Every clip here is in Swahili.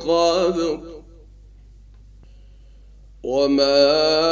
قبل وما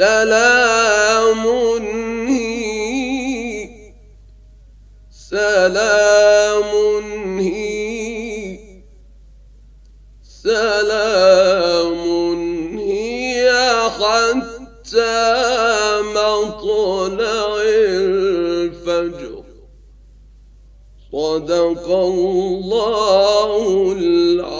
سلام هي سلام هي سلام هي حتى مطلع الفجر صدق الله العظيم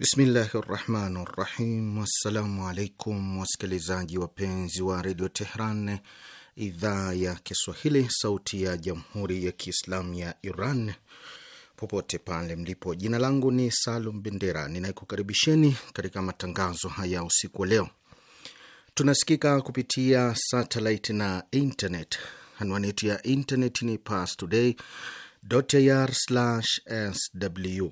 Bismillahi rahmani rahim. Wassalamu alaikum wasikilizaji wapenzi wa redio Tehran, idhaa ya Kiswahili, sauti ya jamhuri ya kiislamu ya Iran, popote pale mlipo. Jina langu ni Salum Bendera, ninakukaribisheni katika matangazo haya usiku wa leo. Tunasikika kupitia satellite na internet. Anwani yetu ya internet ni pastoday.ir/sw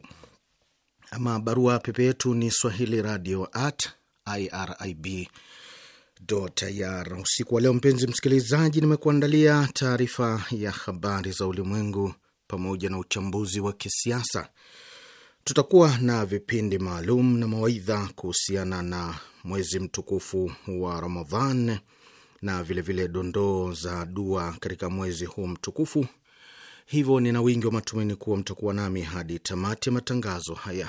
ama barua pepe yetu ni swahili radio at irib ir. Usiku wa leo, mpenzi msikilizaji, nimekuandalia taarifa ya habari za ulimwengu pamoja na uchambuzi wa kisiasa. Tutakuwa na vipindi maalum na mawaidha kuhusiana na mwezi mtukufu wa Ramadhan na vilevile dondoo za dua katika mwezi huu mtukufu Hivyo nina wingi wa matumaini kuwa mtakuwa nami hadi tamati ya matangazo haya.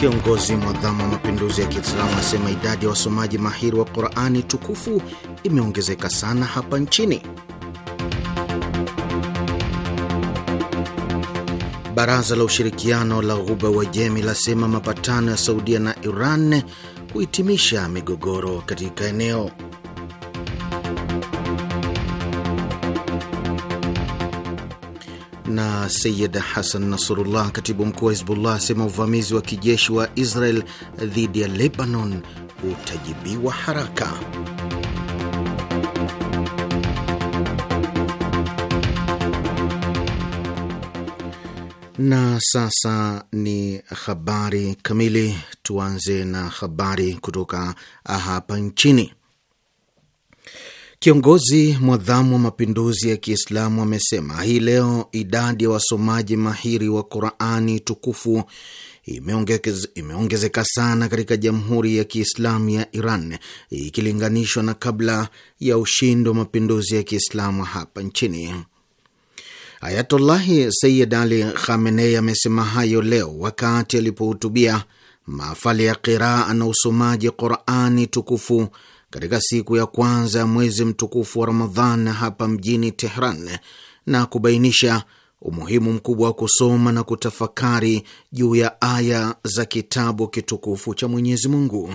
Kiongozi mwadhamu wa mapinduzi ya Kiislamu asema idadi ya wasomaji mahiri wa Qurani tukufu imeongezeka sana hapa nchini. Baraza la ushirikiano la Ghuba Jemi lasema mapatano ya Saudia na Iran kuhitimisha migogoro katika eneo na Sayid Hasan Nasrullah, katibu mkuu wa Hizbullah, asema uvamizi wa kijeshi wa Israel dhidi ya Lebanon utajibiwa haraka. Na sasa ni habari kamili. Tuanze na habari kutoka hapa nchini. Kiongozi mwadhamu wa mapinduzi ya Kiislamu amesema hii leo idadi ya wasomaji mahiri wa Qurani tukufu imeongezeka sana katika Jamhuri ya Kiislamu ya Iran ikilinganishwa na kabla ya ushindi wa mapinduzi ya Kiislamu hapa nchini. Ayatullahi Sayyid Ali Khamenei amesema hayo leo wakati alipohutubia maafali ya qiraa na usomaji Qurani tukufu katika siku ya kwanza ya mwezi mtukufu wa Ramadhan hapa mjini Tehran na kubainisha umuhimu mkubwa wa kusoma na kutafakari juu ya aya za kitabu kitukufu cha Mwenyezi Mungu.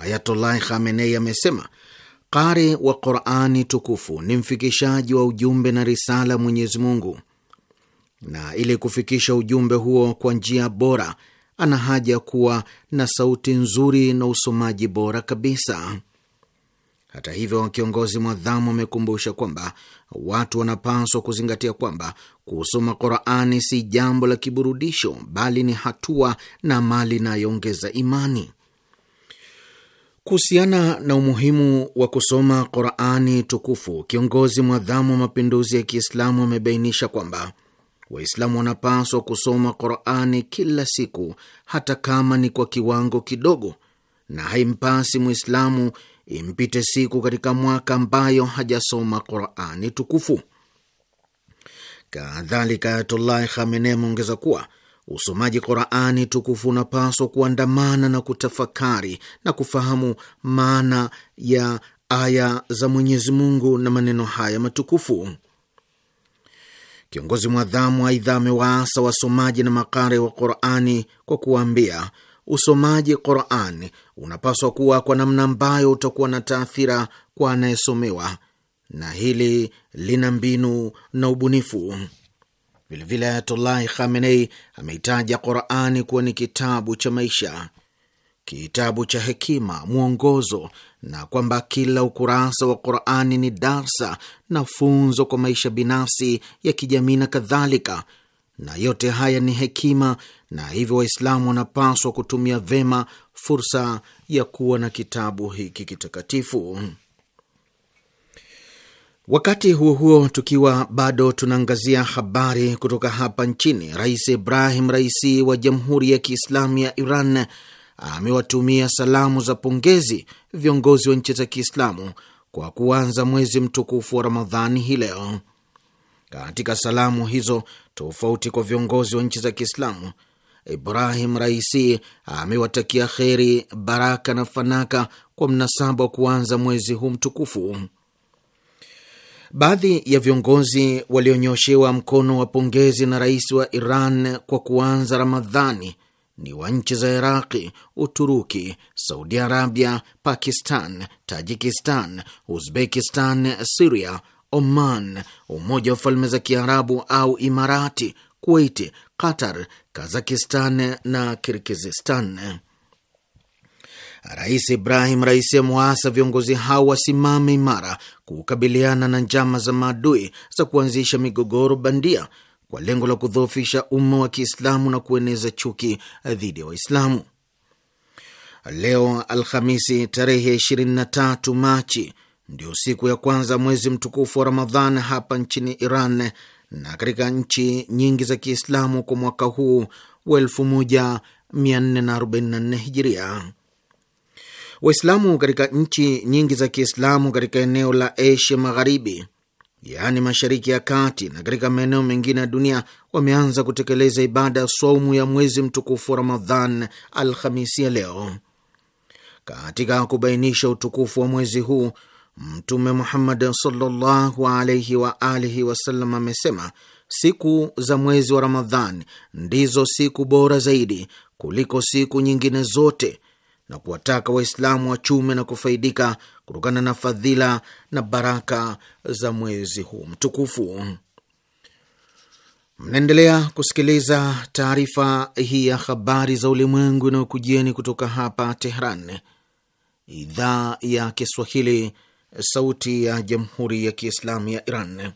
Ayatollah Khamenei amesema qari wa Qurani tukufu ni mfikishaji wa ujumbe na risala Mwenyezi Mungu, na ili kufikisha ujumbe huo kwa njia bora ana haja ya kuwa na sauti nzuri na usomaji bora kabisa. Hata hivyo, kiongozi mwadhamu amekumbusha kwamba watu wanapaswa kuzingatia kwamba kusoma Qurani si jambo la kiburudisho, bali ni hatua na mali inayoongeza imani. Kuhusiana na umuhimu wa kusoma Qurani tukufu, kiongozi mwadhamu wa mapinduzi ya Kiislamu amebainisha kwamba Waislamu wanapaswa kusoma Qurani kila siku, hata kama ni kwa kiwango kidogo, na haimpasi Mwislamu impite siku katika mwaka ambayo hajasoma Qurani tukufu. Kadhalika, Ayatullahi Khamenei ameongeza kuwa usomaji Qurani tukufu unapaswa kuandamana na kutafakari na kufahamu maana ya aya za Mwenyezi Mungu na maneno haya matukufu. Kiongozi mwadhamu aidha amewaasa wasomaji na makari wa Qurani kwa kuwaambia, usomaji Qurani unapaswa kuwa kwa namna ambayo utakuwa na taathira kwa anayesomewa, na hili lina mbinu na ubunifu. Vilevile Ayatullahi Khamenei ameitaja Qurani kuwa ni kitabu cha maisha, kitabu cha hekima, mwongozo na kwamba kila ukurasa wa Qurani ni darsa na funzo kwa maisha binafsi ya kijamii na kadhalika, na yote haya ni hekima, na hivyo Waislamu wanapaswa kutumia vema fursa ya kuwa na kitabu hiki kitakatifu. Wakati huo huo, tukiwa bado tunaangazia habari kutoka hapa nchini, Rais Ibrahim Raisi wa Jamhuri ya Kiislamu ya Iran amewatumia salamu za pongezi viongozi wa nchi za Kiislamu kwa kuanza mwezi mtukufu wa Ramadhani hii leo. Katika salamu hizo tofauti kwa viongozi wa nchi za Kiislamu, Ibrahim Raisi amewatakia kheri, baraka na fanaka kwa mnasaba wa kuanza mwezi huu mtukufu. Baadhi ya viongozi walionyoshewa mkono wa pongezi na rais wa Iran kwa kuanza Ramadhani ni wa nchi za Iraqi, Uturuki, Saudi Arabia, Pakistan, Tajikistan, Uzbekistan, Siria, Oman, Umoja wa Falme za Kiarabu au Imarati, Kuwaiti, Qatar, Kazakistan na Kirgizistan. Rais Ibrahim Raisi amewaasa viongozi hao wasimame imara kukabiliana na njama za maadui za kuanzisha migogoro bandia kwa lengo la kudhoofisha umma wa Kiislamu na kueneza chuki dhidi ya Waislamu. Leo Alhamisi tarehe 23 Machi ndio siku ya kwanza mwezi mtukufu wa Ramadhan hapa nchini Iran na katika nchi nyingi za Kiislamu kwa mwaka huu wa 1444 Hijiria. Waislamu katika nchi nyingi za Kiislamu katika eneo la Asia Magharibi yaani Mashariki ya Kati na katika maeneo mengine ya dunia wameanza kutekeleza ibada ya somu ya mwezi mtukufu wa Ramadhan Alhamisi ya leo. Katika kubainisha utukufu wa mwezi huu, Mtume Muhammad sallallahu alaihi wa alihi wasallam amesema siku za mwezi wa Ramadhan ndizo siku bora zaidi kuliko siku nyingine zote na kuwataka Waislamu wachume na kufaidika kutokana na fadhila na baraka za mwezi huu mtukufu. Mnaendelea kusikiliza taarifa hii ya habari za ulimwengu inayokujieni kutoka hapa Tehran, idhaa ya Kiswahili, sauti ya jamhuri ya kiislamu ya Iran.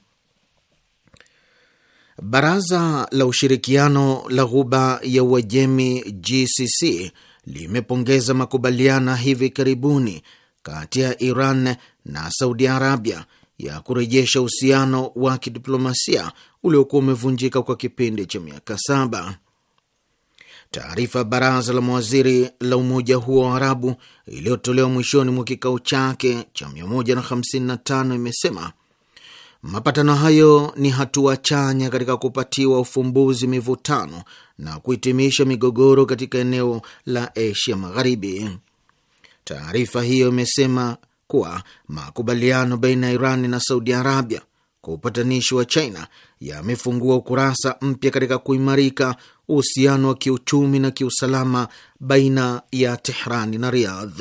Baraza la ushirikiano la Ghuba ya Uajemi, GCC, limepongeza makubaliano hivi karibuni kati ya Iran na Saudi Arabia ya kurejesha uhusiano wa kidiplomasia uliokuwa umevunjika kwa kipindi cha miaka saba. Taarifa baraza la mawaziri la umoja huo wa Arabu iliyotolewa mwishoni mwa kikao chake cha 155 imesema mapatano hayo ni hatua chanya katika kupatiwa ufumbuzi mivutano na kuhitimisha migogoro katika eneo la Asia Magharibi. Taarifa hiyo imesema kuwa makubaliano baina ya Iran na Saudi Arabia kwa upatanishi wa China yamefungua ukurasa mpya katika kuimarika uhusiano wa kiuchumi na kiusalama baina ya Tehrani na Riyadh.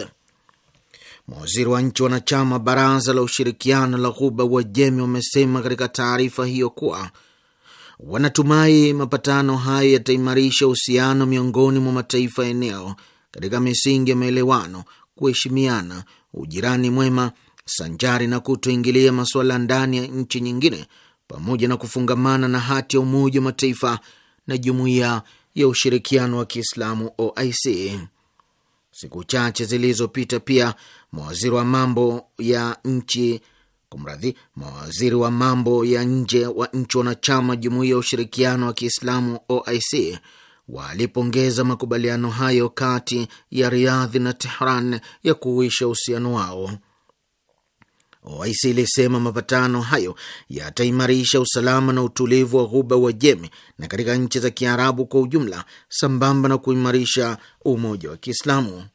Mawaziri wa nchi wanachama baraza la ushirikiano la Ghuba Uajemi wamesema katika taarifa hiyo kuwa wanatumai mapatano hayo yataimarisha uhusiano miongoni mwa mataifa eneo katika misingi ya maelewano, kuheshimiana, ujirani mwema, sanjari na kutoingilia masuala ndani ya nchi nyingine, pamoja na kufungamana na hati ya Umoja wa Mataifa na Jumuiya ya Ushirikiano wa Kiislamu OIC. Siku chache zilizopita pia mawaziri wa mambo ya nchi kumradhi, mawaziri wa mambo ya nje wa nchi wanachama Jumuiya ya Ushirikiano wa Kiislamu OIC walipongeza makubaliano hayo kati ya riadhi na Tehran ya kuuisha uhusiano wao. OIC ilisema mapatano hayo yataimarisha usalama na utulivu wa Ghuba wa Jemi na katika nchi za Kiarabu kwa ujumla, sambamba na kuimarisha umoja wa Kiislamu.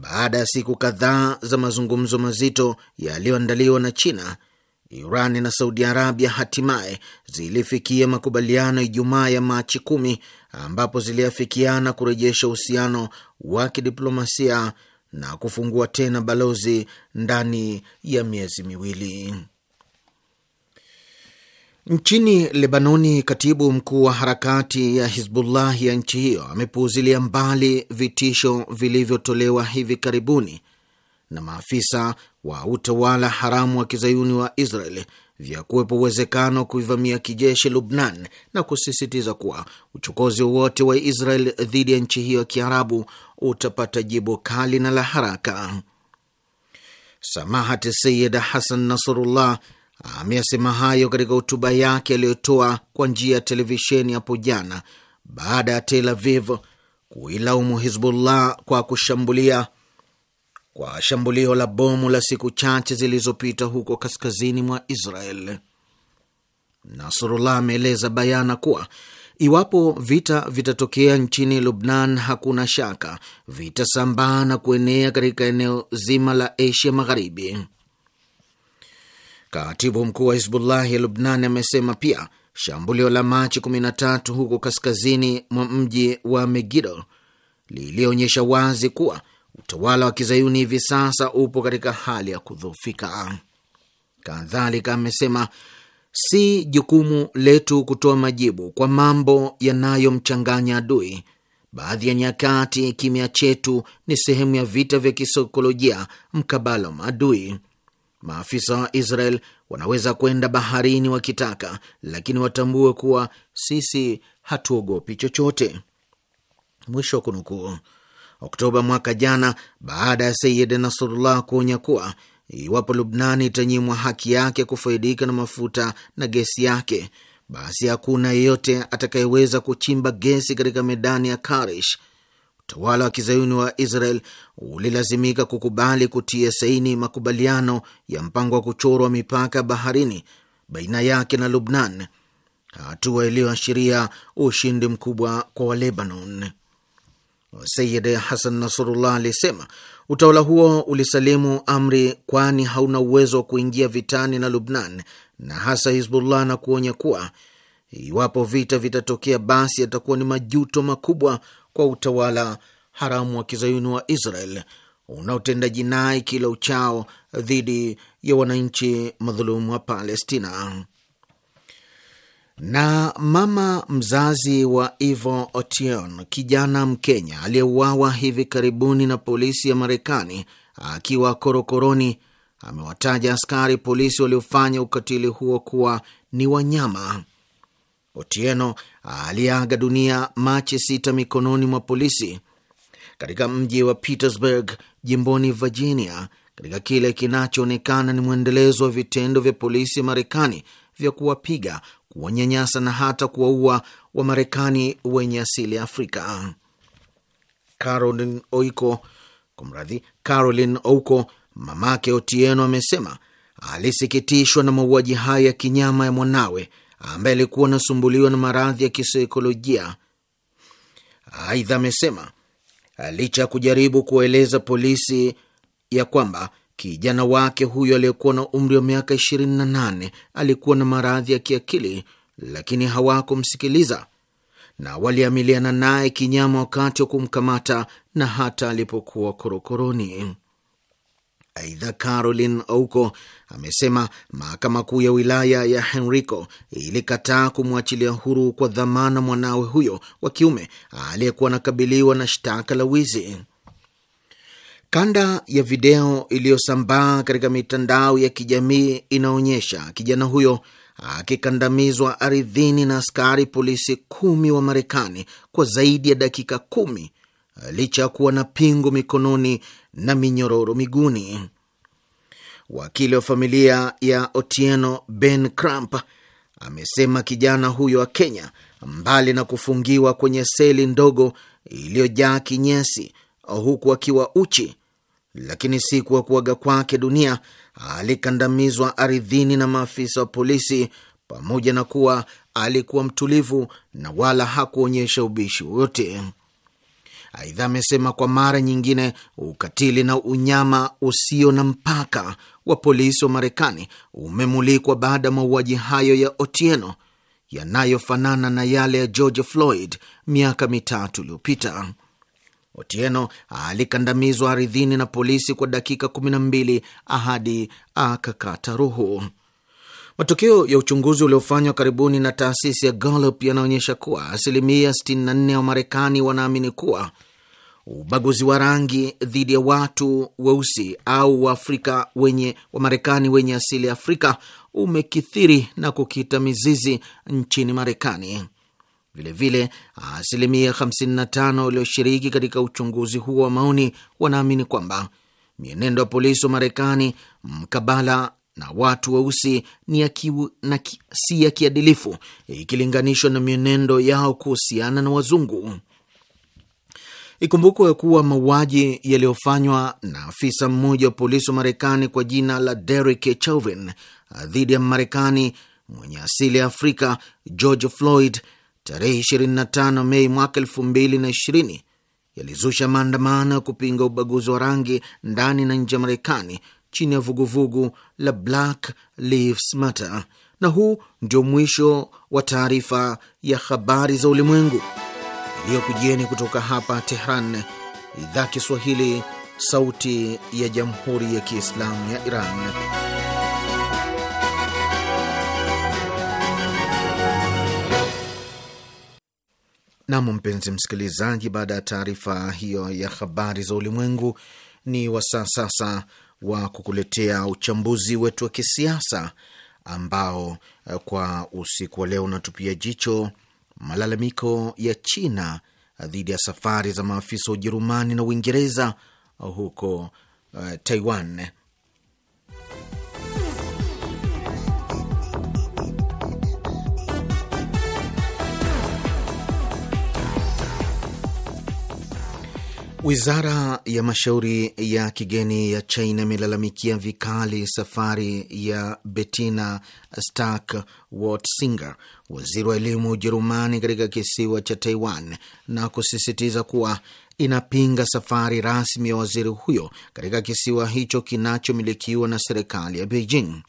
Baada ya siku kadhaa za mazungumzo mazito yaliyoandaliwa na China, Iran na Saudi Arabia hatimaye zilifikia makubaliano Ijumaa ya Machi kumi ambapo ziliafikiana kurejesha uhusiano wa kidiplomasia na kufungua tena balozi ndani ya miezi miwili. Nchini Lebanoni, katibu mkuu wa harakati ya Hizbullah ya nchi hiyo amepuuzilia mbali vitisho vilivyotolewa hivi karibuni na maafisa wa utawala haramu wa kizayuni wa Israel vya kuwepo uwezekano kuivamia kijeshi Lubnan na kusisitiza kuwa uchokozi wowote wa Israel dhidi ya nchi hiyo ya kiarabu utapata jibu kali na la haraka. Samahat Sayid Hasan Nasrullah ameyasema hayo katika hotuba yake aliyotoa kwa njia ya televisheni hapo jana baada ya Tel Aviv kuilaumu Hizbullah kwa kushambulia kwa shambulio la bomu la siku chache zilizopita huko kaskazini mwa Israel. Nasrullah ameeleza bayana kuwa iwapo vita vitatokea nchini Lubnan, hakuna shaka vitasambaa na kuenea katika eneo zima la Asia Magharibi. Katibu mkuu wa Hizbullahi ya Lubnani amesema pia shambulio la Machi 13 huko kaskazini mwa mji wa Megido lilionyesha wazi kuwa utawala wa kizayuni hivi sasa upo katika hali ya kudhoofika. Kadhalika amesema si jukumu letu kutoa majibu kwa mambo yanayomchanganya adui. Baadhi ya nyakati kimya chetu ni sehemu ya vita vya kisaikolojia mkabala wa maadui. Maafisa wa Israel wanaweza kwenda baharini wakitaka, lakini watambue kuwa sisi hatuogopi chochote. Mwisho wa kunukuu. Oktoba mwaka jana, baada ya Sayid Nasrullah kuonya kuwa iwapo Lubnani itanyimwa haki yake kufaidika na mafuta na gesi yake, basi hakuna yeyote atakayeweza kuchimba gesi katika medani ya Karish utawala wa kizayuni wa Israel ulilazimika kukubali kutia saini makubaliano ya mpango wa kuchorwa mipaka baharini baina yake na Lubnan, hatua iliyoashiria ushindi mkubwa kwa Walebanon. Sayid Hasan Nasrullah alisema utawala huo ulisalimu amri, kwani hauna uwezo wa kuingia vitani na Lubnan na hasa Hizbullah, na kuonya kuwa iwapo vita vitatokea, basi yatakuwa ni majuto makubwa kwa utawala haramu wa kizayuni wa Israel unaotenda jinai kila uchao dhidi ya wananchi madhulumu wa Palestina. Na mama mzazi wa Ivo Otion, kijana Mkenya aliyeuawa hivi karibuni na polisi ya Marekani akiwa korokoroni, amewataja askari polisi waliofanya ukatili huo kuwa ni wanyama. Otieno aliaga dunia Machi sita mikononi mwa polisi katika mji wa Petersburg jimboni Virginia, katika kile kinachoonekana ni mwendelezo wa vitendo vya polisi Marekani vya kuwapiga, kuwanyanyasa na hata kuwaua wa marekani wenye asili ya Afrika. Carolin Oiko, kumradhi, Carolin Ouko, mamake Otieno, amesema alisikitishwa na mauaji haya ya kinyama ya mwanawe ambaye alikuwa anasumbuliwa na maradhi ya kisaikolojia. Aidha amesema licha ya kujaribu kuwaeleza polisi ya kwamba kijana wake huyo aliyekuwa na umri wa miaka 28 alikuwa na maradhi ya kiakili, lakini hawakumsikiliza na waliamiliana naye kinyama wakati wa kumkamata na hata alipokuwa korokoroni. Aidha, Caroline Ouko amesema mahakama kuu ya wilaya ya Henrico ilikataa kumwachilia huru kwa dhamana mwanawe huyo wa kiume aliyekuwa anakabiliwa na shtaka la wizi. Kanda ya video iliyosambaa katika mitandao ya kijamii inaonyesha kijana huyo akikandamizwa ardhini na askari polisi kumi wa Marekani kwa zaidi ya dakika kumi licha ya kuwa na pingu mikononi na minyororo miguuni. Wakili wa familia ya Otieno Ben Cramp amesema kijana huyo wa Kenya, mbali na kufungiwa kwenye seli ndogo iliyojaa kinyesi huku akiwa uchi, lakini siku ya kuaga kwake dunia alikandamizwa ardhini na maafisa wa polisi, pamoja na kuwa alikuwa mtulivu na wala hakuonyesha ubishi wowote. Aidha amesema kwa mara nyingine ukatili na unyama usio na mpaka wa polisi wa Marekani umemulikwa baada ya mauaji hayo ya Otieno yanayofanana na yale ya George Floyd miaka mitatu iliyopita. Otieno alikandamizwa ardhini na polisi kwa dakika 12 ahadi akakata roho. Matokeo ya uchunguzi uliofanywa karibuni na taasisi ya Gallup yanaonyesha kuwa asilimia 64 ya Wamarekani wanaamini kuwa ubaguzi wa rangi dhidi ya watu weusi au Waafrika wenye Wamarekani wenye asili ya Afrika umekithiri na kukita mizizi nchini Marekani. Vilevile, asilimia 55 walioshiriki katika uchunguzi huo wa maoni wanaamini kwamba mienendo ya polisi wa Marekani mkabala na watu weusi ni na ki, si ya kiadilifu ikilinganishwa na mienendo yao kuhusiana na wazungu. Ikumbukwe kuwa mauaji yaliyofanywa na afisa mmoja wa polisi wa Marekani kwa jina la Derek Chauvin dhidi ya Marekani mwenye asili ya Afrika George Floyd tarehe 25 Mei mwaka 2020 yalizusha maandamano ya kupinga ubaguzi wa rangi ndani na nje ya Marekani chini ya vuguvugu la Black Lives Matter. Na huu ndio mwisho wa taarifa ya habari za ulimwengu iliyokujieni kutoka hapa Tehran, idhaa Kiswahili, sauti ya jamhuri ya kiislamu ya Iran. Nam, mpenzi msikilizaji, baada ya taarifa hiyo ya habari za ulimwengu, ni wasaa sasa wa kukuletea uchambuzi wetu wa kisiasa ambao eh, kwa usiku wa leo unatupia jicho malalamiko ya China eh, dhidi ya safari za maafisa wa Ujerumani na Uingereza eh, huko uh, Taiwan. Wizara ya mashauri ya kigeni ya China imelalamikia vikali safari ya Bettina Stark Watzinger, waziri wa elimu wa Ujerumani, katika kisiwa cha Taiwan na kusisitiza kuwa inapinga safari rasmi ya waziri huyo katika kisiwa hicho kinachomilikiwa na serikali ya Beijing.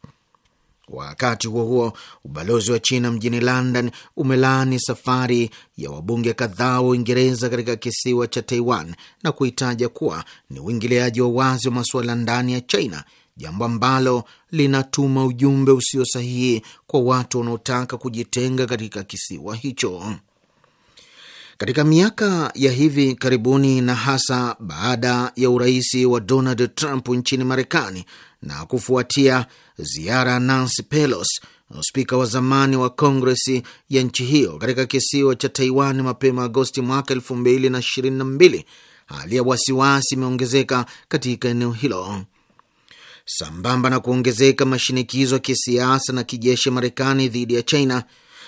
Wakati huo huo, ubalozi wa China mjini London umelaani safari ya wabunge kadhaa wa Uingereza katika kisiwa cha Taiwan na kuitaja kuwa ni uingiliaji wa wazi wa masuala ndani ya China, jambo ambalo linatuma ujumbe usio sahihi kwa watu wanaotaka kujitenga katika kisiwa hicho. Katika miaka ya hivi karibuni na hasa baada ya urais wa Donald Trump nchini Marekani, na kufuatia ziara ya Nancy Pelosi, spika wa zamani wa Kongresi ya nchi hiyo katika kisiwa cha Taiwan mapema Agosti mwaka elfu mbili na ishirini na mbili, hali ya wasiwasi imeongezeka katika eneo hilo sambamba na kuongezeka mashinikizo ya kisiasa na kijeshi ya Marekani dhidi ya China.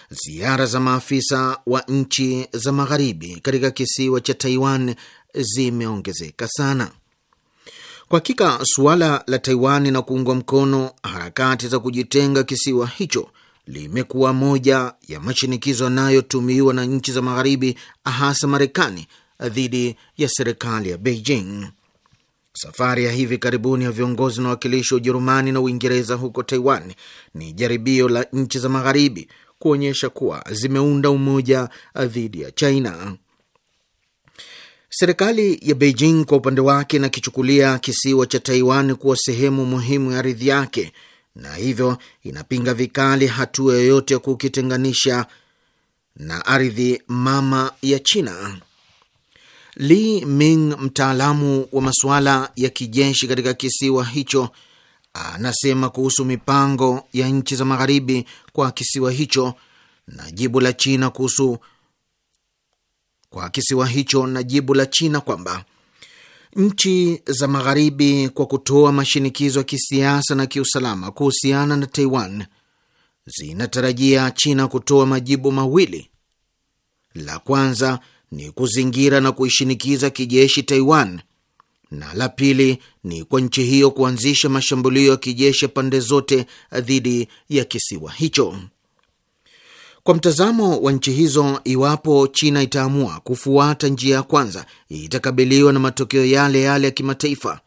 Ziara za maafisa wa nchi za magharibi katika kisiwa cha Taiwan zimeongezeka sana. Kwa hakika suala la Taiwani na kuungwa mkono harakati za kujitenga kisiwa hicho limekuwa moja ya mashinikizo yanayotumiwa na nchi za Magharibi, hasa Marekani, dhidi ya serikali ya Beijing. Safari ya hivi karibuni ya viongozi na wawakilishi wa Ujerumani na Uingereza huko Taiwan ni jaribio la nchi za Magharibi kuonyesha kuwa zimeunda umoja dhidi ya China. Serikali ya Beijing kwa upande wake inakichukulia kisiwa cha Taiwan kuwa sehemu muhimu ya ardhi yake na hivyo inapinga vikali hatua yoyote ya kukitenganisha na ardhi mama ya China. Li Ming, mtaalamu wa masuala ya kijeshi katika kisiwa hicho, anasema kuhusu mipango ya nchi za magharibi kwa kisiwa hicho na jibu la China kuhusu kwa kisiwa hicho na jibu la China kwamba nchi za Magharibi, kwa kutoa mashinikizo ya kisiasa na kiusalama kuhusiana na Taiwan, zinatarajia China kutoa majibu mawili. La kwanza ni kuzingira na kuishinikiza kijeshi Taiwan, na la pili ni kwa nchi hiyo kuanzisha mashambulio ya kijeshi pande zote dhidi ya kisiwa hicho. Kwa mtazamo wa nchi hizo, iwapo China itaamua kufuata njia ya kwanza, itakabiliwa na matokeo yale yale ya kimataifa,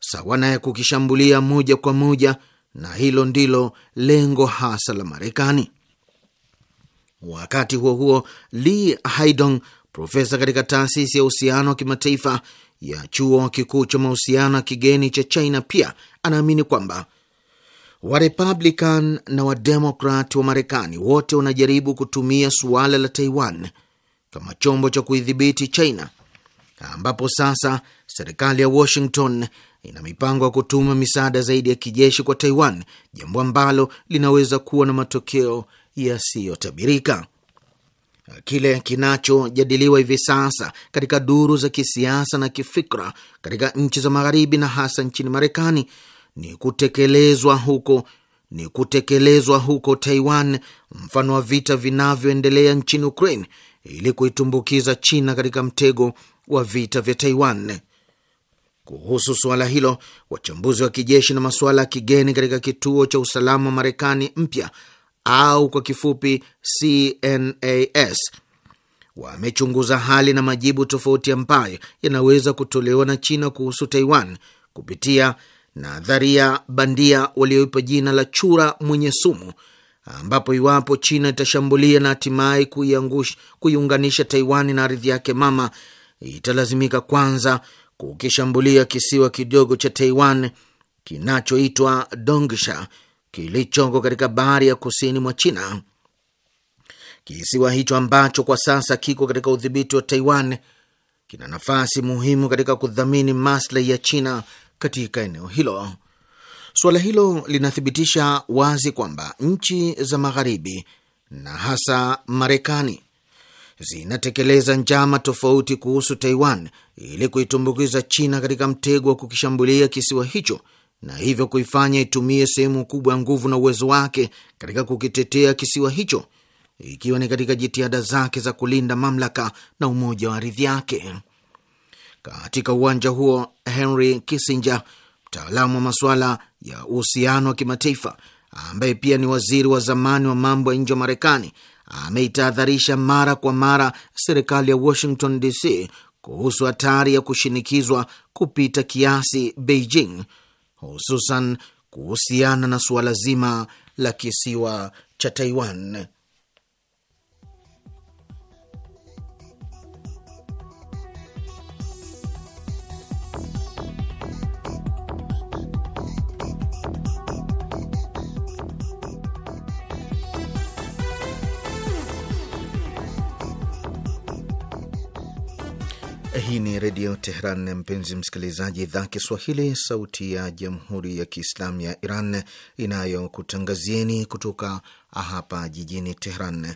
sawa na ya kukishambulia moja kwa moja, na hilo ndilo lengo hasa la Marekani. Wakati huo huo, le Haidong, profesa katika taasisi ya uhusiano wa kimataifa ya chuo kikuu cha mahusiano ya kigeni cha China, pia anaamini kwamba Warepublican na Wademokrat wa Marekani wote wanajaribu kutumia suala la Taiwan kama chombo cha kuidhibiti China, ambapo sasa serikali ya Washington ina mipango ya kutuma misaada zaidi ya kijeshi kwa Taiwan, jambo ambalo linaweza kuwa na matokeo yasiyotabirika. Kile kinachojadiliwa hivi sasa katika duru za kisiasa na kifikra katika nchi za Magharibi na hasa nchini Marekani ni kutekelezwa huko ni kutekelezwa huko Taiwan mfano wa vita vinavyoendelea nchini Ukraine ili kuitumbukiza China katika mtego wa vita vya Taiwan. Kuhusu suala hilo, wachambuzi wa kijeshi na masuala ya kigeni katika kituo cha usalama wa Marekani mpya au kwa kifupi CNAS wamechunguza hali na majibu tofauti ambayo yanaweza kutolewa na China kuhusu Taiwan kupitia nadharia bandia walioipa jina la chura mwenye sumu, ambapo iwapo China itashambulia na hatimaye kuiunganisha Taiwani na ardhi yake mama, italazimika kwanza kukishambulia kisiwa kidogo cha Taiwan kinachoitwa Dongsha kilichoko katika bahari ya kusini mwa China. Kisiwa hicho ambacho kwa sasa kiko katika udhibiti wa Taiwan kina nafasi muhimu katika kudhamini maslahi ya China katika eneo hilo. Suala hilo linathibitisha wazi kwamba nchi za Magharibi na hasa Marekani zinatekeleza njama tofauti kuhusu Taiwan ili kuitumbukiza China katika mtego wa kukishambulia kisiwa hicho na hivyo kuifanya itumie sehemu kubwa ya nguvu na uwezo wake katika kukitetea kisiwa hicho ikiwa ni katika jitihada zake za kulinda mamlaka na umoja wa ardhi yake. Katika uwanja huo, Henry Kissinger, mtaalamu wa masuala ya uhusiano wa kimataifa ambaye pia ni waziri wa zamani wa mambo ya nje wa Marekani, ameitahadharisha mara kwa mara serikali ya Washington DC kuhusu hatari ya kushinikizwa kupita kiasi Beijing, hususan kuhusiana na suala zima la kisiwa cha Taiwan. Hii ni Redio Teheran, mpenzi msikilizaji, idhaa Kiswahili, sauti ya jamhuri ya kiislamu ya Iran inayokutangazieni kutoka hapa jijini Teheran.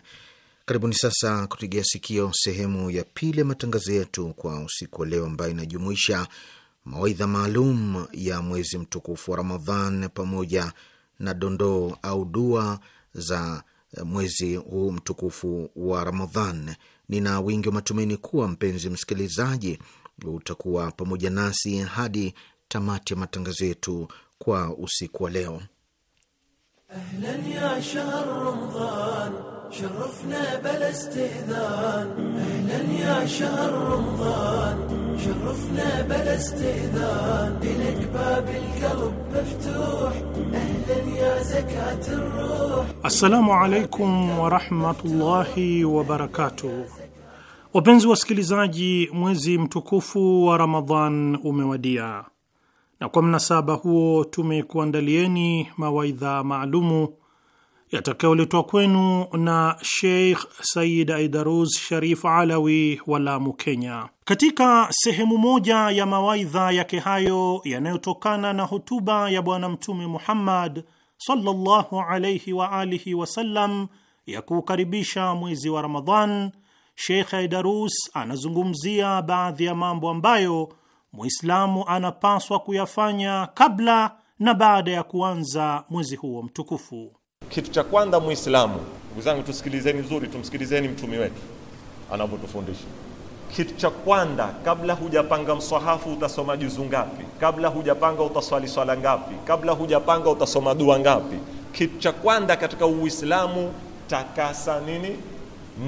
Karibuni sasa kutegea sikio sehemu ya pili ya matangazo yetu kwa usiku wa leo, ambayo inajumuisha mawaidha maalum ya mwezi mtukufu wa Ramadhan pamoja na dondoo au dua za mwezi huu mtukufu wa Ramadhan nina wingi wa matumaini kuwa mpenzi msikilizaji utakuwa pamoja nasi hadi tamati ya matangazo yetu kwa usiku wa leo. Ahlan ya شرفنا بلا استئذان اهلا يا شهر رمضان شرفنا بلا استئذان الك باب القلب مفتوح اهلا يا زكاة الروح السلام عليكم ورحمة الله وبركاته Wapenzi wasikilizaji, mwezi mtukufu wa Ramadhan umewadia na kwa mnasaba huo tumekuandalieni mawaidha maalumu yatakayoletwa kwenu na Sheikh Said Aidarus Sharif Alawi wa Lamu, Kenya. Katika sehemu moja ya mawaidha yake hayo yanayotokana na hutuba ya Bwana Mtume Muhammad sallallahu alayhi wa alihi wasallam ya kuukaribisha mwezi wa Ramadhan, Sheikh Aidarus anazungumzia baadhi ya mambo ambayo Muislamu anapaswa kuyafanya kabla na baada ya kuanza mwezi huo mtukufu. Kitu cha kwanza Muislamu, ndugu zangu, tusikilizeni vizuri, tumsikilizeni mtumi wetu anavyotufundisha. Kitu cha kwanza, kabla hujapanga mswahafu utasoma juzu ngapi? Kabla hujapanga utaswali swala ngapi? Kabla hujapanga utasoma dua ngapi? Kitu cha kwanza katika Uislamu, takasa nini?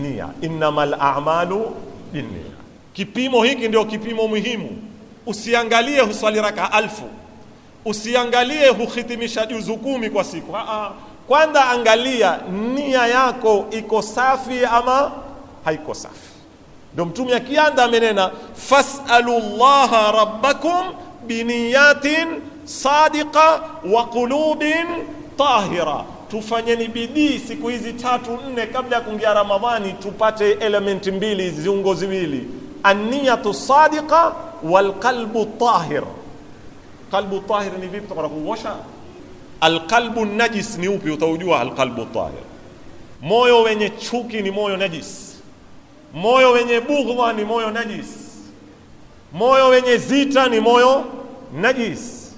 Nia, innamal a'malu binnia. Kipimo hiki ndio kipimo muhimu. Usiangalie huswali raka alfu, usiangalie huhitimisha juzu kumi kwa siku. Aa, kwanza angalia nia yako iko safi ama haiko safi. Ndio Mtume akianza amenena fasalu llaha rabbakum biniyatin sadiqa wa qulubin tahira. Tufanyeni bidii siku hizi tatu nne kabla ya kuingia Ramadhani, tupate elementi mbili, ziungo ziwili, anniyatu sadiqa walqalbu tahir. Qalbu tahir ni vipi? Tutakwenda kuosha Alqalbu najis ni upi? Utaujua alqalbu tahir. Moyo wenye chuki ni moyo najis, moyo wenye bughwa ni moyo najis, moyo wenye zita ni moyo najis,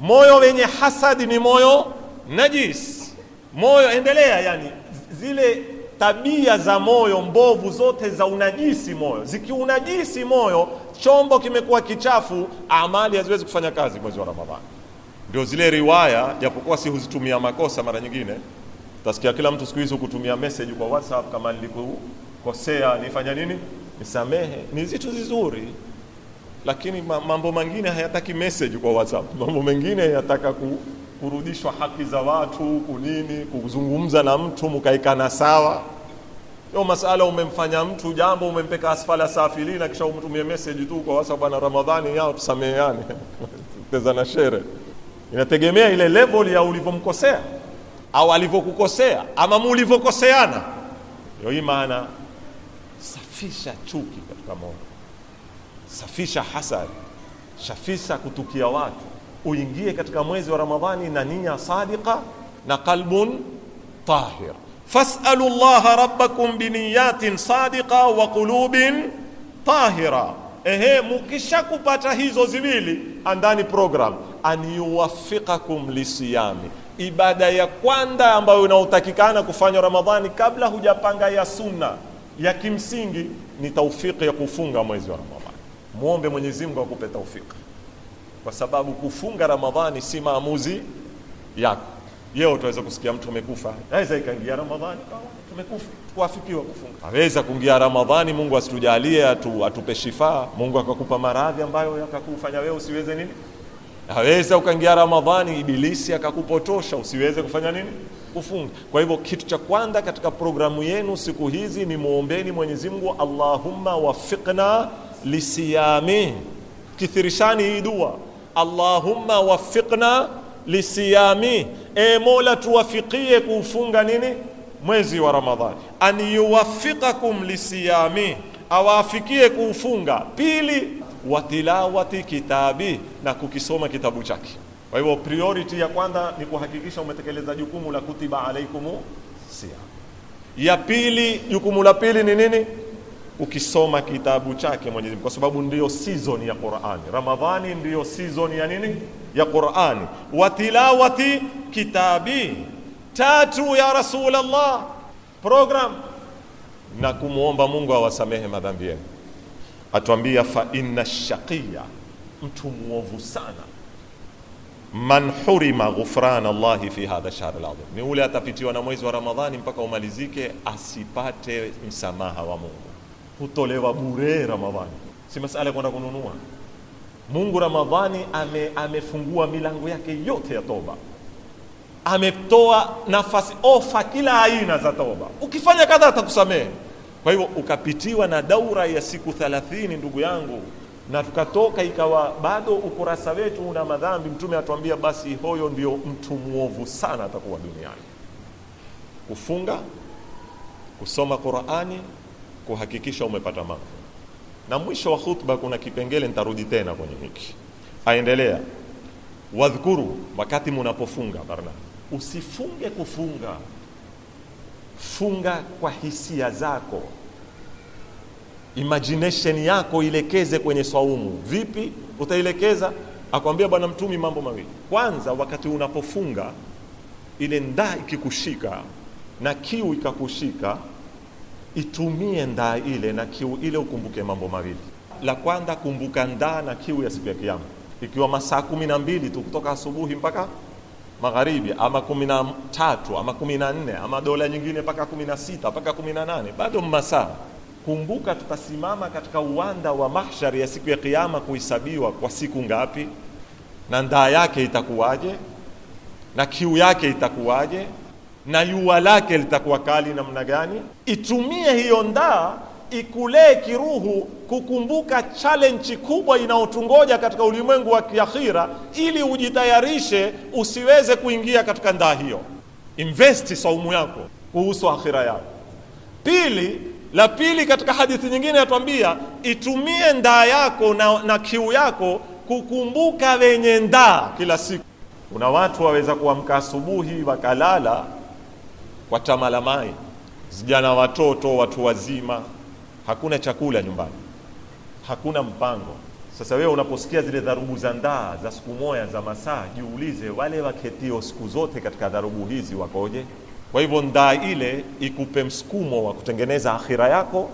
moyo wenye hasadi ni moyo najis, moyo endelea. Yani zile tabia za moyo mbovu zote za unajisi moyo, zikiunajisi moyo, chombo kimekuwa kichafu, amali haziwezi kufanya kazi mwezi wa Ramadhani. Ndio zile riwaya, japokuwa si huzitumia makosa mara nyingine. Utasikia kila mtu siku hizi kutumia message kwa WhatsApp, kama nilikukosea nifanya nini, nisamehe. Ni zitu zizuri, lakini mambo mengine hayataki message kwa WhatsApp. Mambo mengine yataka ku, kurudishwa haki za watu, kunini, kuzungumza na mtu mkaikana sawa Yo masala umemfanya mtu jambo umempeka asfala safili na kisha umtumie message tu kwa WhatsApp, bwana Ramadhani yao tusameheane tezana shere inategemea ile level ya ulivyomkosea au alivyokukosea ama mulivyokoseana. Ndio hii maana safisha chuki katika moyo, safisha hasad, safisha kutukia watu, uingie katika mwezi wa Ramadhani na nia sadika na qalbun tahir. Fasalu llaha rabbakum biniyatin sadika wa qulubin tahira. Ehe, mukishakupata hizo ziwili, andani program an yuwaffiqakum lisiyami, ibada ya kwanza ambayo inaotakikana kufanywa Ramadhani kabla hujapanga ya sunna ya kimsingi ni taufiki ya kufunga mwezi wa Ramadhani. Muombe Mwenyezi Mungu akupe taufiki, kwa sababu kufunga Ramadhani si maamuzi yako. yeo tuweza kusikia mtu amekufa, aweza ikaingia Ramadhani tumekufa kuafikiwa kufunga, aweza kuingia Ramadhani. Mungu asitujalie atu, atupe shifaa, Mungu akakupa maradhi ambayo yakakufanya wewe usiweze nini aweza ukaingia Ramadhani ibilisi akakupotosha usiweze kufanya nini kufunga. Kwa hivyo kitu cha kwanza katika programu yenu siku hizi ni muombeni Mwenyezi Mungu, Allahumma wafiqna lisiyami. Kithirishani hii dua, Allahumma wafiqna lisiyami, e Mola tuwafikie kuufunga nini mwezi wa Ramadhani. An yuwaffiqakum lisiyami, awafikie kuufunga. Pili wa tilawati kitabi, na kukisoma kitabu chake. Kwa hivyo priority ya kwanza ni kuhakikisha umetekeleza jukumu la kutiba alaikumu sia. Ya pili, jukumu la pili ni nini? Ukisoma kitabu chake Mwenyezi Mungu, kwa sababu ndiyo season ya Qur'ani. Ramadhani ndiyo season ya nini? Ya Qur'ani. Wa tilawati kitabi. Tatu, ya Rasulullah, program na kumwomba Mungu awasamehe madhambi yenu atuambia fa inna shaqiya, mtu muovu sana, man hurima ghufran Allah fi hadha shahr alazim, ni ule atapitiwa na mwezi wa Ramadhani mpaka umalizike, asipate msamaha wa Mungu. Hutolewa bure Ramadhani, si masala kwenda kununua. Mungu Ramadhani ame, amefungua milango yake yote ya toba ametoa nafasi ofa kila aina za toba. Ukifanya kadha atakusamehe. Kwa hivyo ukapitiwa na daura ya siku thalathini, ndugu yangu, na tukatoka ikawa bado ukurasa wetu una madhambi. Mtume atuambia basi hoyo ndio mtu mwovu sana atakuwa duniani: kufunga, kusoma Qur'ani, kuhakikisha umepata mafu. Na mwisho wa khutba kuna kipengele nitarudi tena kwenye hiki. Aendelea, wadhkuru, wakati munapofunga barna, usifunge kufunga funga kwa hisia zako imagination yako ilekeze kwenye swaumu. Vipi utailekeza? Akwambia Bwana Mtumi mambo mawili. Kwanza, wakati unapofunga ile ndaa ikikushika na kiu ikakushika, itumie ndaa ile na kiu ile, ukumbuke mambo mawili. La kwanza, kumbuka ndaa na kiu ya siku ya Kiyama, ikiwa masaa kumi na mbili tu kutoka asubuhi mpaka magharibi, ama kumi na tatu ama kumi na nne ama dola nyingine mpaka kumi na sita mpaka kumi na nane bado mmasaa Kumbuka tutasimama katika uwanda wa mahshari ya siku ya Kiyama kuhesabiwa kwa siku ngapi, na ndaa yake itakuwaje, na kiu yake itakuwaje, na yua lake litakuwa kali namna gani? Itumie hiyo ndaa ikulee kiruhu kukumbuka challenge kubwa inayotungoja katika ulimwengu wa kiakhira, ili ujitayarishe usiweze kuingia katika ndaa hiyo. Investi saumu yako kuhusu akhira yako. Pili, la pili, katika hadithi nyingine yatwambia itumie ndaa yako na, na kiu yako kukumbuka wenye ndaa kila siku. Kuna watu waweza kuamka asubuhi wakalala kwa tamalamai, zijana watoto, watu wazima, hakuna chakula nyumbani, hakuna mpango. Sasa wewe unaposikia zile dharubu za ndaa za siku moja za masaa, jiulize wale waketio siku zote katika dharubu hizi wakoje? Kwa hivyo ndaa ile ikupe msukumo wa kutengeneza akhira yako,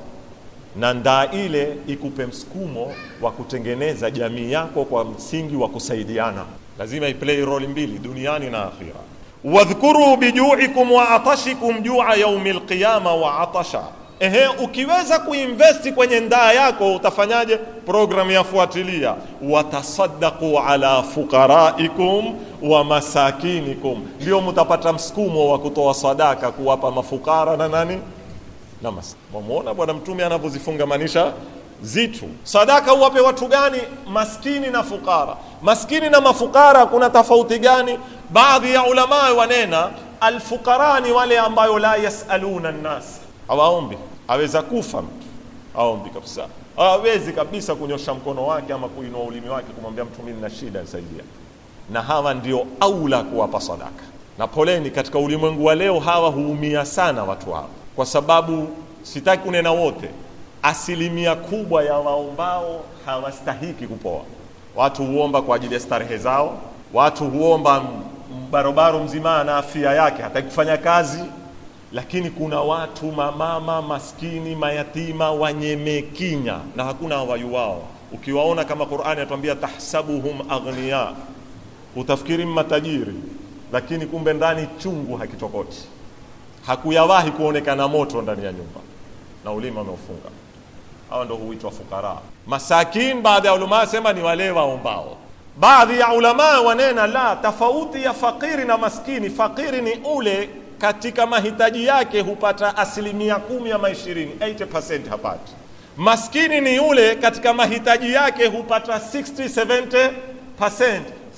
na ndaa ile ikupe msukumo wa kutengeneza jamii yako kwa msingi wa kusaidiana. Lazima iplay role mbili duniani na akhira. Wadhkuru bijuikum wa atashikum jua yaumi qiyama wa atasha ehe, ukiweza kuinvesti kwenye ndaa yako utafanyaje? Programu yafuatilia, watasaddaqu ala fuqaraikum wa masakinikum, ndio mtapata msukumo wa kutoa sadaka, kuwapa mafukara na nani na maskini. Muona bwana Mtume anavyozifungamanisha zitu sadaka uwape watu gani? Maskini na fukara. Maskini na mafukara kuna tofauti gani? Baadhi ya ulama wanena alfukara ni wale ambayo la yasaluna nnas, hawaombi aweza kufa mtu aombi kabisa, hawezi kabisa kunyosha mkono wake ama kuinua ulimi wake kumwambia mtu mimi na shida nisaidia. Na hawa ndio aula kuwapa sadaka. Na poleni, katika ulimwengu wa leo hawa huumia sana watu hawa, kwa sababu sitaki kunena wote, asilimia kubwa ya waombao hawastahiki kupoa. Watu huomba kwa ajili ya starehe zao, watu huomba barobaro mzima na afya yake hataki kufanya kazi lakini kuna watu mamama maskini mayatima wanyemekinya na hakuna wao. Ukiwaona kama Qur'ani atambia tahsabuhum aghnia, utafikiri matajiri, lakini kumbe ndani chungu hakitokoti, hakuyawahi kuonekana moto ndani ya nyumba na ulima ameufunga. Hawa ndio huitwa fukara masakin. Baadhi ya ulama sema ni wale waombao. Baadhi ya ulama wanena la, tofauti ya fakiri na maskini, fakiri ni ule katika mahitaji yake hupata asilimia kumi ama ishirini 80% hapati. Maskini ni yule katika mahitaji yake hupata 60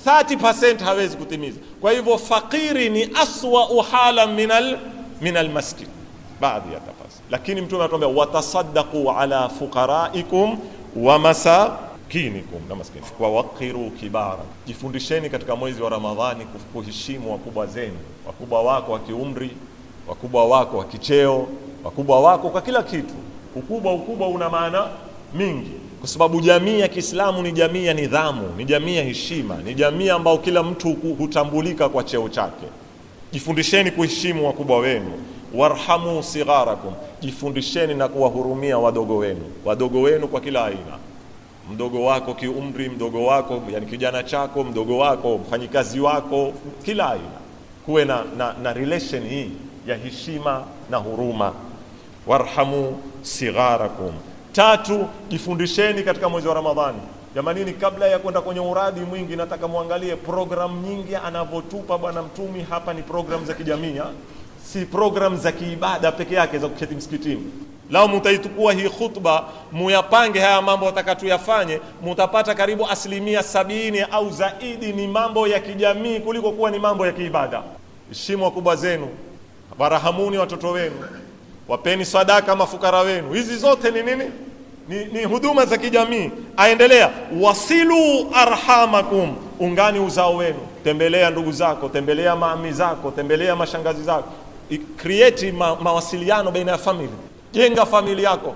70%, hawezi kutimiza. Kwa hivyo fakiri ni aswau hala minal minal maskin, baadhi ya tafasi. Lakini Mtume anatuambia watasaddaqu ala fuqaraikum wa masa kinikum na maskini kwa waqiru kibara, jifundisheni katika mwezi wa Ramadhani kuheshimu wakubwa zenu, wakubwa wako wa kiumri, wakubwa wako wa kicheo, wakubwa wako kwa kila kitu. Ukubwa ukubwa una maana mingi, kwa sababu jamii ya Kiislamu ni jamii ya nidhamu, ni jamii ya heshima, ni jamii ambayo kila mtu hutambulika kwa cheo chake. Jifundisheni kuheshimu wakubwa wenu warhamu sigharakum, jifundisheni na kuwahurumia wadogo wenu, wadogo wenu kwa kila aina mdogo wako kiumri, mdogo wako yani kijana chako, mdogo wako, mfanyikazi wako, kila aina, kuwe na, na, na relation hii ya heshima na huruma. Warhamu sigharakum. Tatu, jifundisheni katika mwezi wa Ramadhani. Jamanini, kabla ya kwenda kwenye uradi mwingi, nataka muangalie program nyingi anavyotupa Bwana Mtumi hapa. Ni program za kijamii, si program za kiibada peke yake za kuketi msikitini lao mutaitukua hii khutba muyapange haya mambo atakatuyafanye mutapata karibu asilimia sabini au zaidi ni mambo ya kijamii kuliko kuwa ni mambo ya kiibada heshimu wakubwa zenu warahamuni watoto wenu wapeni sadaka mafukara wenu hizi zote ni nini ni, ni huduma za kijamii aendelea wasilu arhamakum ungani uzao wenu tembelea ndugu zako tembelea maami zako tembelea mashangazi zako create ma, mawasiliano baina ya family jenga familia yako,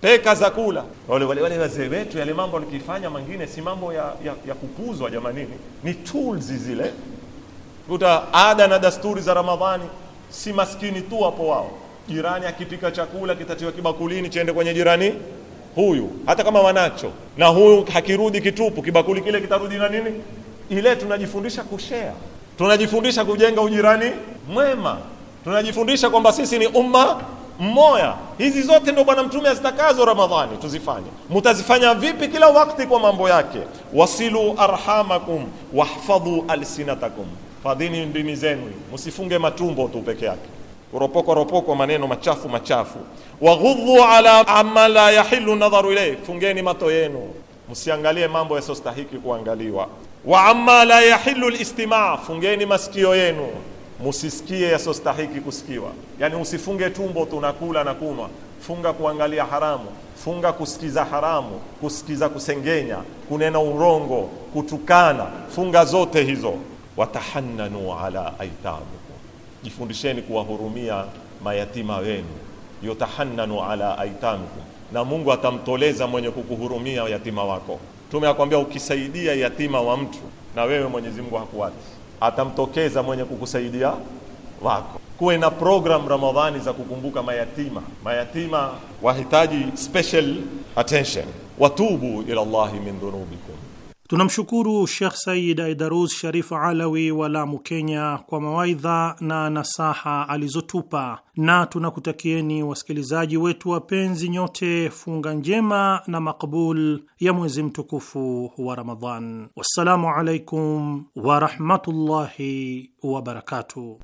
peka za kula. Wale wale wale wazee wetu, yale mambo nikifanya mengine si mambo ya, ya, ya kupuzwa jamanini, ni tools zile. Kuta ada na dasturi za Ramadhani, si maskini tu hapo wao. Jirani akipika chakula kitatiwa kibakulini, chende kwenye jirani huyu, hata kama wanacho, na huyu hakirudi kitupu, kibakuli kile kitarudi na nini ile. Tunajifundisha kushare, tunajifundisha kujenga ujirani mwema, tunajifundisha kwamba sisi ni umma mmoya. Hizi zote ndio bwana mtume azitakazo Ramadhani tuzifanye. Mutazifanya vipi? Kila wakati kwa mambo yake. Wasilu arhamakum wahfadhu alsinatakum, fadhini ndimi zenu, msifunge matumbo tu peke yake ropoko ropoko, maneno machafu machafu. Waghudhu ala amma la yahilu nadharu ilayhi, fungeni mato yenu, msiangalie mambo yasiostahiki kuangaliwa. Wa amma la yahilu listimaa, fungeni masikio yenu musisikie yasiostahiki kusikiwa. Yani usifunge tumbo tunakula na kunwa funga kuangalia haramu, funga kusikiza haramu, kusikiza kusengenya, kunena urongo, kutukana, funga zote hizo. Watahannanu ala aitamikum, jifundisheni kuwahurumia mayatima wenu. Yotahannanu ala aitamikum, na Mungu atamtoleza mwenye kukuhurumia yatima wako. Tume akwambia ukisaidia yatima wa mtu na wewe Mwenyezi Mungu hakuwati atamtokeza mwenye kukusaidia wako. Kuwe na program Ramadhani za kukumbuka mayatima, mayatima wahitaji special attention. Watubu ila Allahi min dhunubikum Tunamshukuru Shekh Said Aidarus Sharif Alawi wa Lamu, Kenya, kwa mawaidha na nasaha alizotupa, na tunakutakieni wasikilizaji wetu wapenzi nyote funga njema na makbul ya mwezi mtukufu wa Ramadhan. Wassalamu alaikum warahmatullahi wabarakatuh.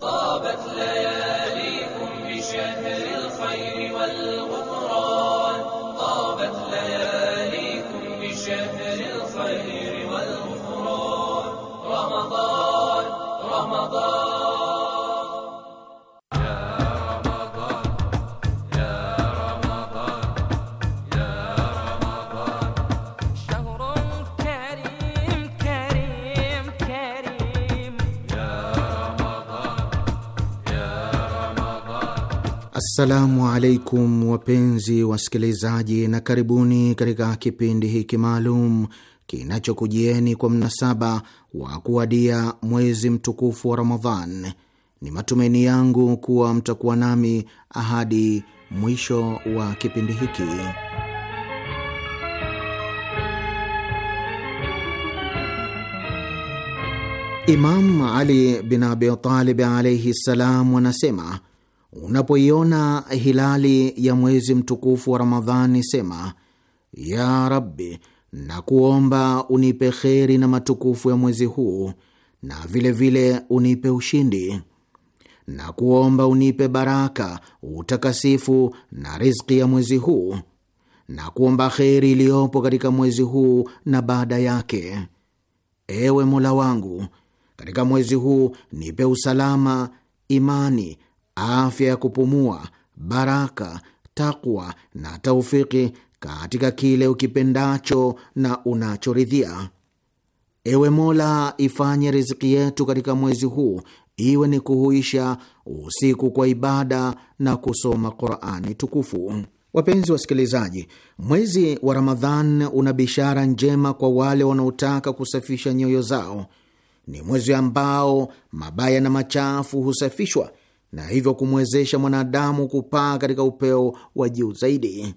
Assalamu alaikum wapenzi wasikilizaji, na karibuni katika kipindi hiki maalum kinachokujieni kwa mnasaba wa kuwadia mwezi mtukufu wa Ramadhan. Ni matumaini yangu kuwa mtakuwa nami ahadi mwisho wa kipindi hiki. Imam Ali bin Abi Talib alaihi ssalam anasema Unapoiona hilali ya mwezi mtukufu wa Ramadhani, sema ya Rabbi, na kuomba unipe kheri na matukufu ya mwezi huu, na vilevile vile unipe ushindi, na kuomba unipe baraka, utakasifu na rizki ya mwezi huu, na kuomba kheri iliyopo katika mwezi huu na baada yake. Ewe Mola wangu, katika mwezi huu nipe usalama, imani afya ya kupumua, baraka, takwa na taufiki katika kile ukipendacho na unachoridhia. Ewe Mola, ifanye riziki yetu katika mwezi huu iwe ni kuhuisha usiku kwa ibada na kusoma Qurani tukufu. Wapenzi wasikilizaji, mwezi wa Ramadhan una bishara njema kwa wale wanaotaka kusafisha nyoyo zao. Ni mwezi ambao mabaya na machafu husafishwa na hivyo kumwezesha mwanadamu kupaa katika upeo wa juu zaidi.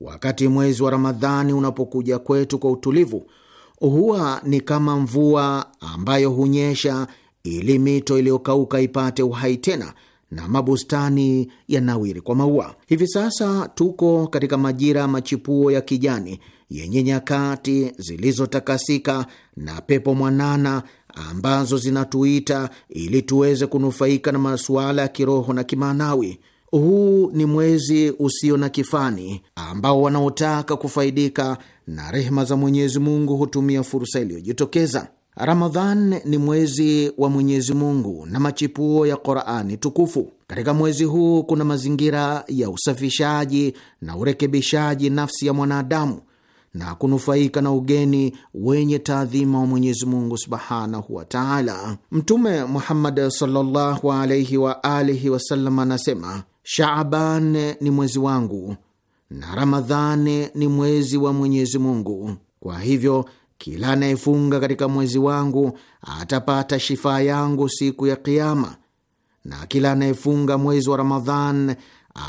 Wakati mwezi wa Ramadhani unapokuja kwetu kwa utulivu, huwa ni kama mvua ambayo hunyesha ili mito iliyokauka ipate uhai tena na mabustani yanawiri kwa maua. Hivi sasa tuko katika majira ya machipuo ya kijani yenye nyakati zilizotakasika na pepo mwanana ambazo zinatuita ili tuweze kunufaika na masuala ya kiroho na kimaanawi. Huu ni mwezi usio na kifani ambao wanaotaka kufaidika na rehema za Mwenyezi Mungu hutumia fursa iliyojitokeza. Ramadhan ni mwezi wa Mwenyezi Mungu na machipuo ya Qorani tukufu. Katika mwezi huu kuna mazingira ya usafishaji na urekebishaji nafsi ya mwanadamu na kunufaika na ugeni wenye taadhima wa Mwenyezi Mungu subhanahu wa taala. Mtume Muhammad sallallahu alaihi wa alihi wasallam anasema, Shaaban ni mwezi wangu na Ramadhani ni mwezi wa Mwenyezi Mungu. Kwa hivyo kila anayefunga katika mwezi wangu atapata shifaa yangu siku ya Kiama, na kila anayefunga mwezi wa Ramadhan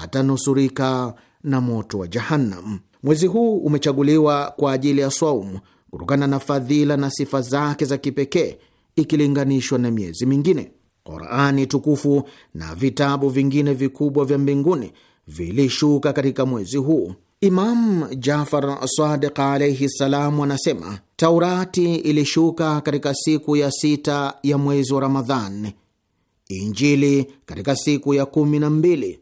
atanusurika na moto wa Jahannam. Mwezi huu umechaguliwa kwa ajili ya swaumu kutokana na fadhila na sifa zake za kipekee ikilinganishwa na miezi mingine. Qurani tukufu na vitabu vingine vikubwa vya mbinguni vilishuka katika mwezi huu. Imam Jafar Sadiq alaihi salam anasema Taurati ilishuka katika siku ya sita ya mwezi wa Ramadhan, Injili katika siku ya kumi na mbili,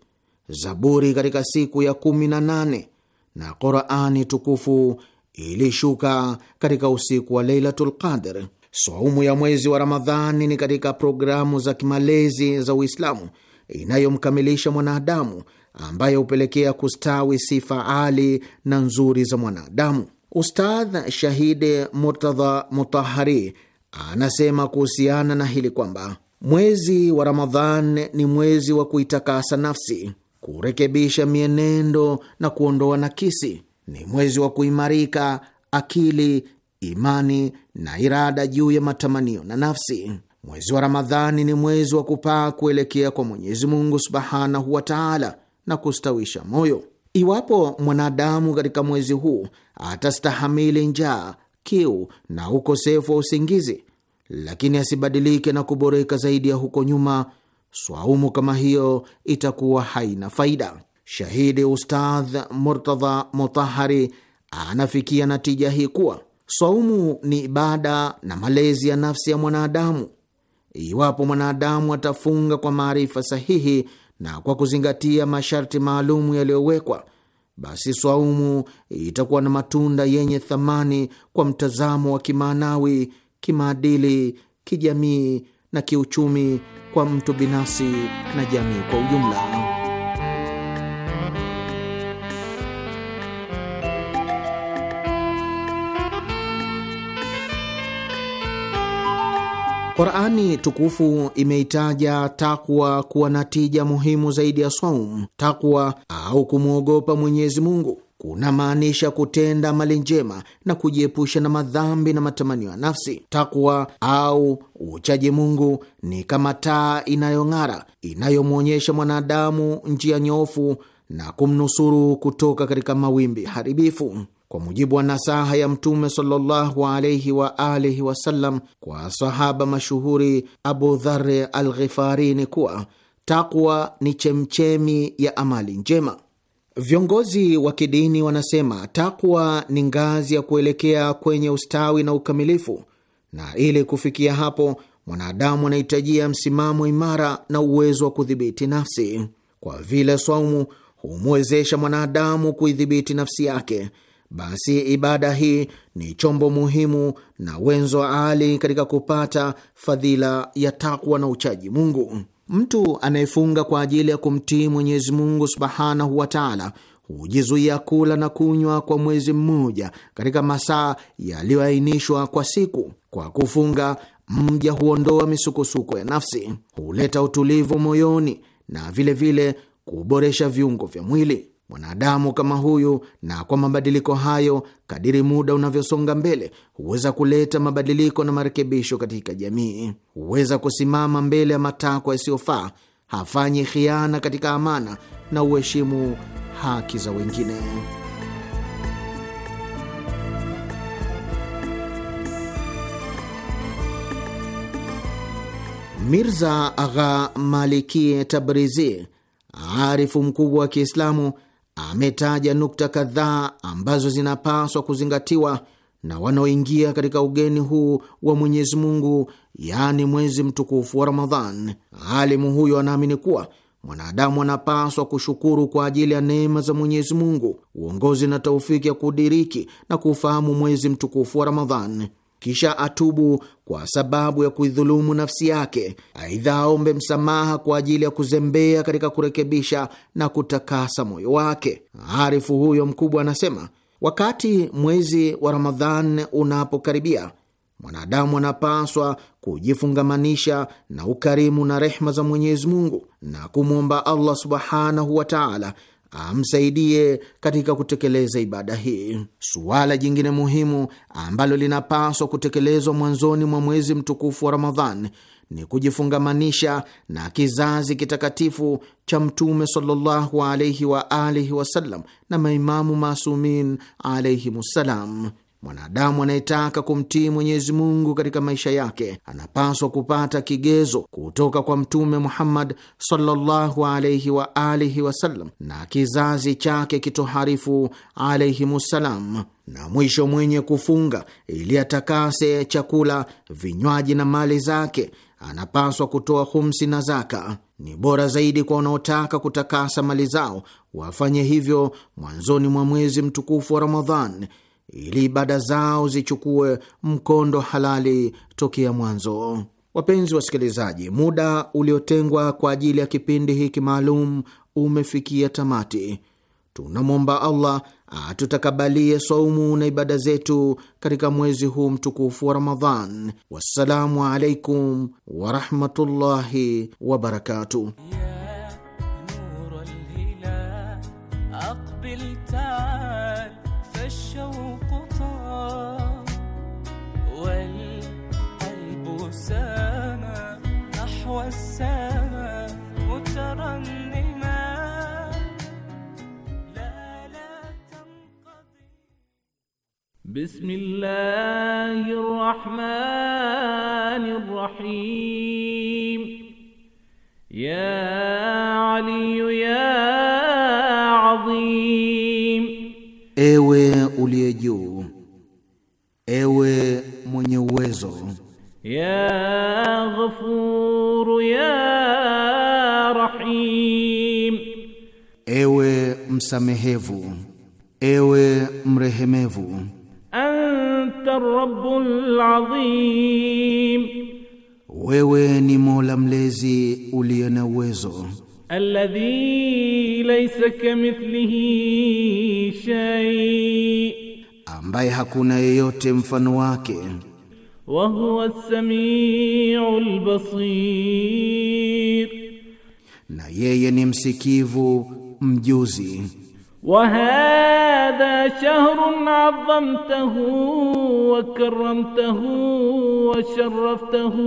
Zaburi katika siku ya kumi na nane na Qurani tukufu ilishuka katika usiku wa Lailatul Qadr. Saumu ya mwezi wa Ramadhani ni katika programu za kimalezi za Uislamu inayomkamilisha mwanadamu ambaye hupelekea kustawi sifa ali na nzuri za mwanadamu. Ustadh Shahidi Murtadha Mutahari anasema kuhusiana na hili kwamba mwezi wa Ramadhan ni mwezi wa kuitakasa nafsi kurekebisha mienendo na kuondoa nakisi. Ni mwezi wa kuimarika akili, imani na irada juu ya matamanio na nafsi. Mwezi wa Ramadhani ni mwezi wa kupaa kuelekea kwa Mwenyezi Mungu subhanahu wa taala na kustawisha moyo. Iwapo mwanadamu katika mwezi huu atastahamili njaa, kiu na ukosefu wa usingizi, lakini asibadilike na kuboreka zaidi ya huko nyuma swaumu kama hiyo itakuwa haina faida. Shahidi Ustadh Murtadha Mutahari anafikia natija hii kuwa swaumu ni ibada na malezi ya nafsi ya mwanadamu. Iwapo mwanadamu atafunga kwa maarifa sahihi na kwa kuzingatia masharti maalumu yaliyowekwa, basi swaumu itakuwa na matunda yenye thamani kwa mtazamo wa kimaanawi, kimaadili, kijamii na kiuchumi kwa mtu binafsi na jamii kwa ujumla. Qurani tukufu imeitaja takwa kuwa na tija muhimu zaidi ya saum. Takwa au kumwogopa Mwenyezi Mungu kunamaanisha kutenda mali njema na kujiepusha na madhambi na matamanio ya nafsi. Takwa au uchaji Mungu ni kama taa inayong'ara inayomwonyesha mwanadamu njia nyofu na kumnusuru kutoka katika mawimbi haribifu. Kwa mujibu wa nasaha ya Mtume sallallahu alaihi wa alihi wasallam kwa sahaba mashuhuri Abu Dharre alghifarini kuwa takwa ni chemchemi ya amali njema. Viongozi wa kidini wanasema takwa ni ngazi ya kuelekea kwenye ustawi na ukamilifu, na ili kufikia hapo mwanadamu anahitajia msimamo imara na uwezo wa kudhibiti nafsi. Kwa vile swaumu humwezesha mwanadamu kuidhibiti nafsi yake, basi ibada hii ni chombo muhimu na wenzo wa ali katika kupata fadhila ya takwa na uchaji Mungu. Mtu anayefunga kwa ajili ya kumtii Mwenyezi Mungu subhanahu wa taala hujizuia kula na kunywa kwa mwezi mmoja katika masaa yaliyoainishwa kwa siku. Kwa kufunga, mja huondoa misukosuko ya nafsi, huleta utulivu moyoni na vilevile vile kuboresha viungo vya mwili. Mwanadamu kama huyu na kwa mabadiliko hayo, kadiri muda unavyosonga mbele, huweza kuleta mabadiliko na marekebisho katika jamii. Huweza kusimama mbele ya matakwa yasiyofaa, hafanyi khiana katika amana na uheshimu haki za wengine. Mirza Agha Malikie Tabrizi, arifu mkubwa wa Kiislamu, ametaja nukta kadhaa ambazo zinapaswa kuzingatiwa na wanaoingia katika ugeni huu wa Mwenyezi Mungu, yaani mwezi mtukufu wa Ramadhan. Alimu huyo anaamini kuwa mwanadamu anapaswa kushukuru kwa ajili ya neema za Mwenyezi Mungu, uongozi na taufiki ya kudiriki na kuufahamu mwezi mtukufu wa Ramadhan kisha atubu kwa sababu ya kuidhulumu nafsi yake. Aidha, aombe msamaha kwa ajili ya kuzembea katika kurekebisha na kutakasa moyo wake. Arifu huyo mkubwa anasema, wakati mwezi wa Ramadhan unapokaribia mwanadamu anapaswa kujifungamanisha na ukarimu na rehma za Mwenyezi Mungu na kumwomba Allah subhanahu wa taala amsaidie katika kutekeleza ibada hii. Suala jingine muhimu ambalo linapaswa kutekelezwa mwanzoni mwa mwezi mtukufu wa Ramadhan ni kujifungamanisha na kizazi kitakatifu cha Mtume sallallahu alaihi wa alihi wasallam na maimamu masumin alaihimussalam. Mwanadamu anayetaka kumtii Mwenyezi Mungu katika maisha yake anapaswa kupata kigezo kutoka kwa Mtume Muhammad sallallahu alaihi wa alihi wasallam na kizazi chake kitoharifu alaihimussalam, na mwisho mwenye kufunga ili atakase chakula, vinywaji na mali zake anapaswa kutoa humsi na zaka. Ni bora zaidi kwa wanaotaka kutakasa mali zao wafanye hivyo mwanzoni mwa mwezi mtukufu wa Ramadhan ili ibada zao zichukue mkondo halali tokea mwanzo. Wapenzi wasikilizaji, muda uliotengwa kwa ajili ya kipindi hiki maalum umefikia tamati. Tunamwomba Allah atutakabalie saumu na ibada zetu katika mwezi huu mtukufu wa Ramadhan. Wassalamu alaikum warahmatullahi wabarakatuh. بسم الله الرحمن الرحيم يا علي يا عظيم ewe uliye juu ewe mwenye uwezo ya ghafuru ya rahim ewe msamehevu ewe mrehemevu anta rabbul azim, wewe ni Mola mlezi uliye na uwezo. Alladhi laysa kamithlihi shay, ambaye hakuna yeyote mfano wake. Wa huwa as-sami'ul basir, na yeye ni msikivu mjuzi wahadha shahrun azamtahu wakarramtahu washaraftahu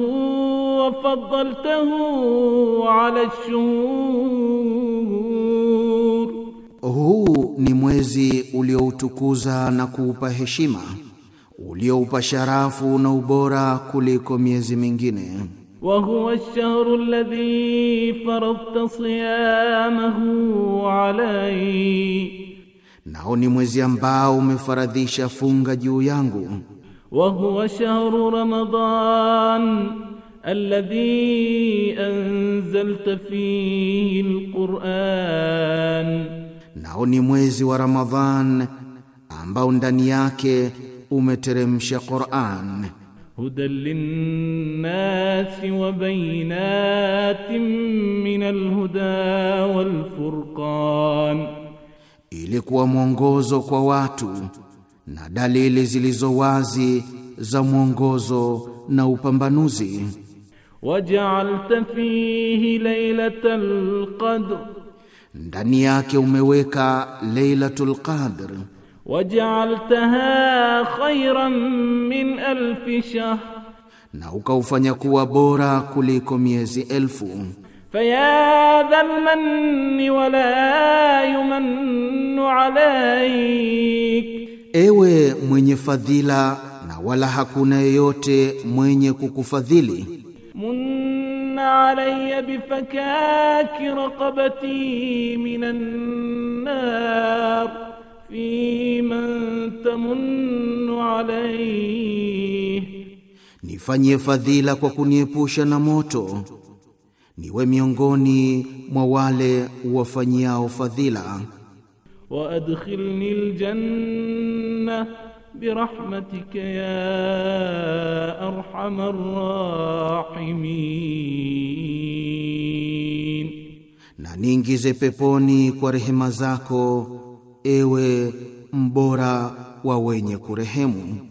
wafaddaltahu ala shuhur, huu ni mwezi ulioutukuza na kuupa heshima, ulioupa sharafu na ubora kuliko miezi mingine وهو الشهر الذي faradta siyamahu alai, nao ni mwezi ambao umefaradhisha funga juu yangu. Wa huwa shahru Ramadan alladhi anzalta fihi alquran, nao ni mwezi wa Ramadhan ambao ndani yake umeteremsha Qur'an. هدى للناس وبينات من الهدى والفرقان ili kuwa mwongozo kwa watu na dalili zilizo wazi za mwongozo na upambanuzi waj'alta fihi lailatal qadr ndani yake umeweka lailatul qadr wajaaltaha khairan min alf shahr, na ukaufanya kuwa bora kuliko miezi elfu. Faya dhal manni wala yumannu alayk, ewe mwenye fadhila na wala hakuna yeyote mwenye kukufadhili. Munna alayya bifakaki raqabati minan nar fi man tamunnu alayhi, nifanyie fadhila kwa kuniepusha na moto, niwe miongoni mwa wale wafanyiao fadhila. Wa adkhilni aljanna birahmatika ya arhamar rahimin, na niingize peponi kwa rehema zako ewe mbora wa wenye kurehemu.